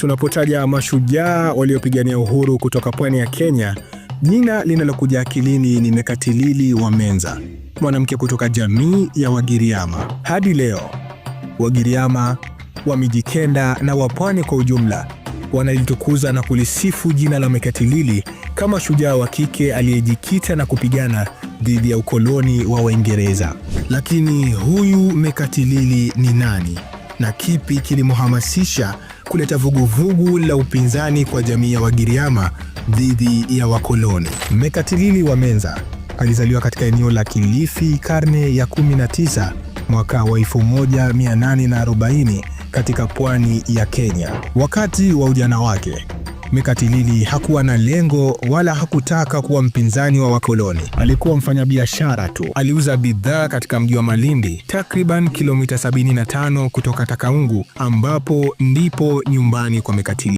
Tunapotaja mashujaa waliopigania uhuru kutoka pwani ya Kenya, jina linalokuja akilini ni Mekatilili wa Menza, mwanamke kutoka jamii ya Wagiriama. Hadi leo Wagiriama wa Mijikenda na wa pwani kwa ujumla wanalitukuza na kulisifu jina la Mekatilili kama shujaa wa kike aliyejikita na kupigana dhidi ya ukoloni wa Waingereza. Lakini huyu Mekatilili ni nani na kipi kilimhamasisha kuleta vuguvugu vugu la upinzani kwa jamii ya Wagiriama dhidi ya wakoloni. Mekatilili wa Menza alizaliwa katika eneo la Kilifi karne ya 19 mwaka wa 1840 katika pwani ya Kenya. Wakati wa ujana wake Mekatilili hakuwa na lengo wala hakutaka kuwa mpinzani wa wakoloni. Alikuwa mfanyabiashara tu. Aliuza bidhaa katika mji wa Malindi, takriban kilomita 75 kutoka Takaungu, ambapo ndipo nyumbani kwa Mekatilili.